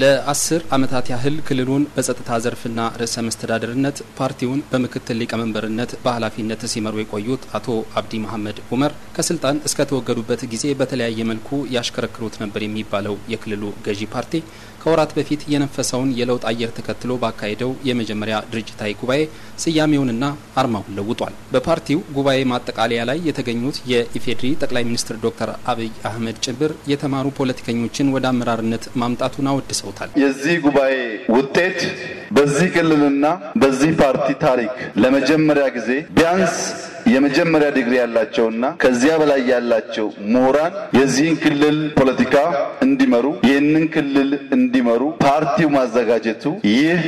ለአስር ዓመታት ያህል ክልሉን በጸጥታ ዘርፍና ርዕሰ መስተዳደርነት ፓርቲውን በምክትል ሊቀመንበርነት በኃላፊነት ሲመሩ የቆዩት አቶ አብዲ መሐመድ ኡመር ከስልጣን እስከተወገዱበት ጊዜ በተለያየ መልኩ ያሽከረክሩት ነበር የሚባለው የክልሉ ገዢ ፓርቲ ከወራት በፊት የነፈሰውን የለውጥ አየር ተከትሎ ባካሄደው የመጀመሪያ ድርጅታዊ ጉባኤ ስያሜውንና አርማውን ለውጧል። በፓርቲው ጉባኤ ማጠቃለያ ላይ የተገኙት የኢፌዴሪ ጠቅላይ ሚኒስትር ዶክተር አብይ አህመድ ጭምር የተማሩ ፖለቲከኞችን ወደ አመራርነት ማምጣቱን አወድሰዋል። ገልጸውታል። የዚህ ጉባኤ ውጤት በዚህ ክልልና በዚህ ፓርቲ ታሪክ ለመጀመሪያ ጊዜ ቢያንስ የመጀመሪያ ዲግሪ ያላቸውና ከዚያ በላይ ያላቸው ምሁራን የዚህን ክልል ፖለቲካ እንዲመሩ፣ ይህንን ክልል እንዲመሩ ፓርቲው ማዘጋጀቱ ይህ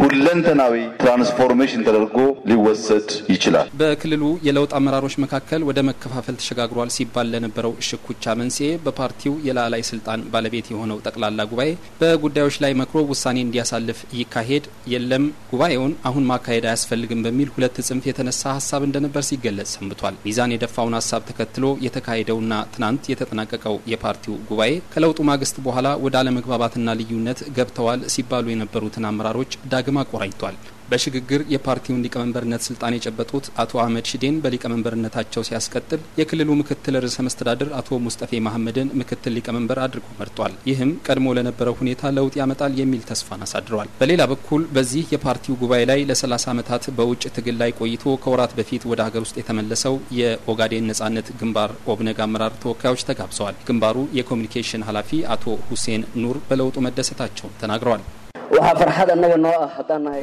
ሁለንተናዊ ትራንስፎርሜሽን ተደርጎ ሊወሰድ ይችላል። በክልሉ የለውጥ አመራሮች መካከል ወደ መከፋፈል ተሸጋግሯል ሲባል ለነበረው ሽኩቻ መንስኤ በፓርቲው የላላይ ስልጣን ባለቤት የሆነው ጠቅላላ ጉባኤ በጉዳዮች ላይ መክሮ ውሳኔ እንዲያሳልፍ ይካሄድ የለም ጉባኤውን አሁን ማካሄድ አያስፈልግም በሚል ሁለት ጽንፍ የተነሳ ሀሳብ እንደነበር ሲገለጽ ሰንብቷል። ሚዛን የደፋውን ሀሳብ ተከትሎ የተካሄደውና ትናንት የተጠናቀቀው የፓርቲው ጉባኤ ከለውጡ ማግስት በኋላ ወደ አለመግባባትና ልዩነት ገብተዋል ሲባሉ የነበሩትን አመራሮች ዳግም አቆራኝቷል። በሽግግር የፓርቲውን ሊቀመንበርነት ስልጣን የጨበጡት አቶ አህመድ ሽዴን በሊቀመንበርነታቸው ሲያስቀጥል የክልሉ ምክትል ርዕሰ መስተዳድር አቶ ሙስጠፌ መሐመድን ምክትል ሊቀመንበር አድርጎ መርጧል። ይህም ቀድሞ ለነበረው ሁኔታ ለውጥ ያመጣል የሚል ተስፋን አሳድሯል። በሌላ በኩል በዚህ የፓርቲው ጉባኤ ላይ ለ30 ዓመታት በውጭ ትግል ላይ ቆይቶ ከወራት በፊት ወደ ሀገር ውስጥ የተመለሰው የኦጋዴን ነጻነት ግንባር ኦብነግ አመራር ተወካዮች ተጋብዘዋል። ግንባሩ የኮሚኒኬሽን ኃላፊ አቶ ሁሴን ኑር በለውጡ መደሰታቸውን ተናግረዋል።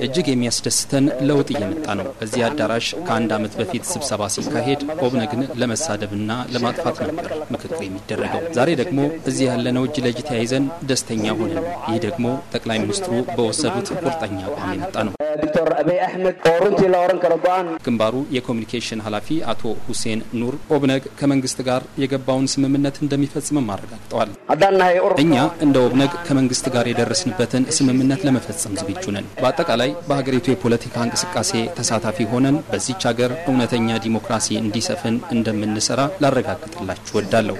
እጅግ የሚያስደስተን ለውጥ እየመጣ ነው። በዚህ አዳራሽ ከአንድ ዓመት በፊት ስብሰባ ሲካሄድ ኦብነግን ለመሳደብና ለማጥፋት ነበር ምክክር የሚደረገው። ዛሬ ደግሞ እዚህ ያለነው እጅ ለእጅ ተያይዘን ደስተኛ ሆነን፣ ይህ ደግሞ ጠቅላይ ሚኒስትሩ በወሰዱት ቁርጠኛ አቋም የመጣ ነው። ዶክተር አብይ አሕመድ oo runtii ከረባን ግንባሩ የኮሚኒኬሽን ኃላፊ አቶ ሁሴን ኑር ኦብነግ ከመንግስት ጋር የገባውን ስምምነት እንደሚፈጽምም አረጋግጠዋል። እኛ እንደ ኦብነግ ከመንግስት ጋር የደረስንበትን ስምምነት ለመፈጸም ዝግጁ ነን። በአጠቃላይ በሀገሪቱ የፖለቲካ እንቅስቃሴ ተሳታፊ ሆነን በዚች ሀገር እውነተኛ ዲሞክራሲ እንዲሰፍን እንደምንሰራ ላረጋግጥላችሁ ወዳለሁ።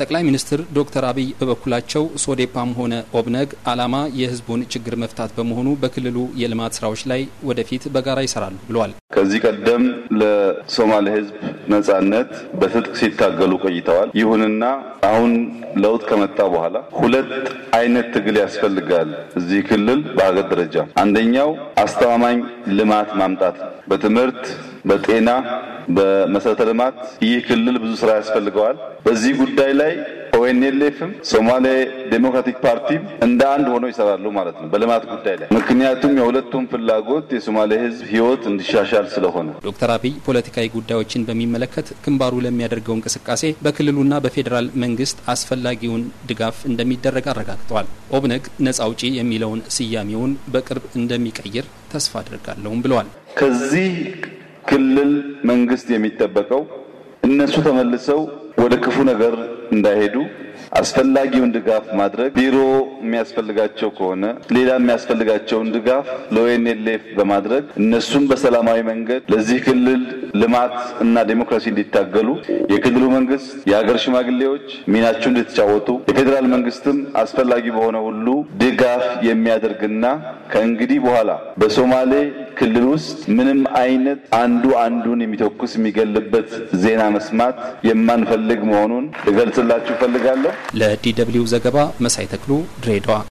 ጠቅላይ ሚኒስትር ዶክተር አብይ በበኩላቸው ሶዴፓም ሆነ ኦብነግ ዓላማ የህዝቡን ችግር መፍታት በመሆኑ በክልሉ የልማት ስራዎች ላይ ወደፊት በጋራ ይሰራሉ ብለዋል። ከዚህ ቀደም ለሶማሌ ህዝብ ነጻነት በትጥቅ ሲታገሉ ቆይተዋል። ይሁንና አሁን ለውጥ ከመጣ በኋላ ሁለት አይነት ትግል ያስፈልጋል እዚህ ክልል በሀገር ደረጃ አንደኛው አስተማማኝ ልማት ማምጣት በትምህርት በጤና፣ በመሰረተ ልማት ይህ ክልል ብዙ ስራ ያስፈልገዋል። በዚህ ጉዳይ ላይ ኦኤንኤልኤፍም ሶማሌ ዴሞክራቲክ ፓርቲም እንደ አንድ ሆነው ይሰራሉ ማለት ነው በልማት ጉዳይ ላይ ምክንያቱም የሁለቱም ፍላጎት የሶማሌ ህዝብ ህይወት እንዲሻሻል ስለሆነ። ዶክተር አብይ ፖለቲካዊ ጉዳዮችን በሚመለከት ግንባሩ ለሚያደርገው እንቅስቃሴ በክልሉና በፌዴራል መንግስት አስፈላጊውን ድጋፍ እንደሚደረግ አረጋግጠዋል። ኦብነግ ነጻ አውጪ የሚለውን ስያሜውን በቅርብ እንደሚቀይር ተስፋ አድርጋለሁም ብለዋል። ከዚህ ክልል መንግስት የሚጠበቀው እነሱ ተመልሰው ወደ ክፉ ነገር እንዳይሄዱ አስፈላጊውን ድጋፍ ማድረግ፣ ቢሮ የሚያስፈልጋቸው ከሆነ ሌላ የሚያስፈልጋቸውን ድጋፍ ለኦኤንኤልኤፍ በማድረግ እነሱም በሰላማዊ መንገድ ለዚህ ክልል ልማት እና ዴሞክራሲ እንዲታገሉ የክልሉ መንግስት፣ የሀገር ሽማግሌዎች ሚናቸው እንድትጫወቱ የፌዴራል መንግስትም አስፈላጊ በሆነ ሁሉ ድጋፍ የሚያደርግና ከእንግዲህ በኋላ በሶማሌ ክልል ውስጥ ምንም አይነት አንዱ አንዱን የሚተኩስ የሚገልበት ዜና መስማት የማንፈልግ መሆኑን ልገልጽላችሁ እፈልጋለሁ። ለዲ ደብልዩ ዘገባ መሳይ ተክሉ ድሬዳዋ።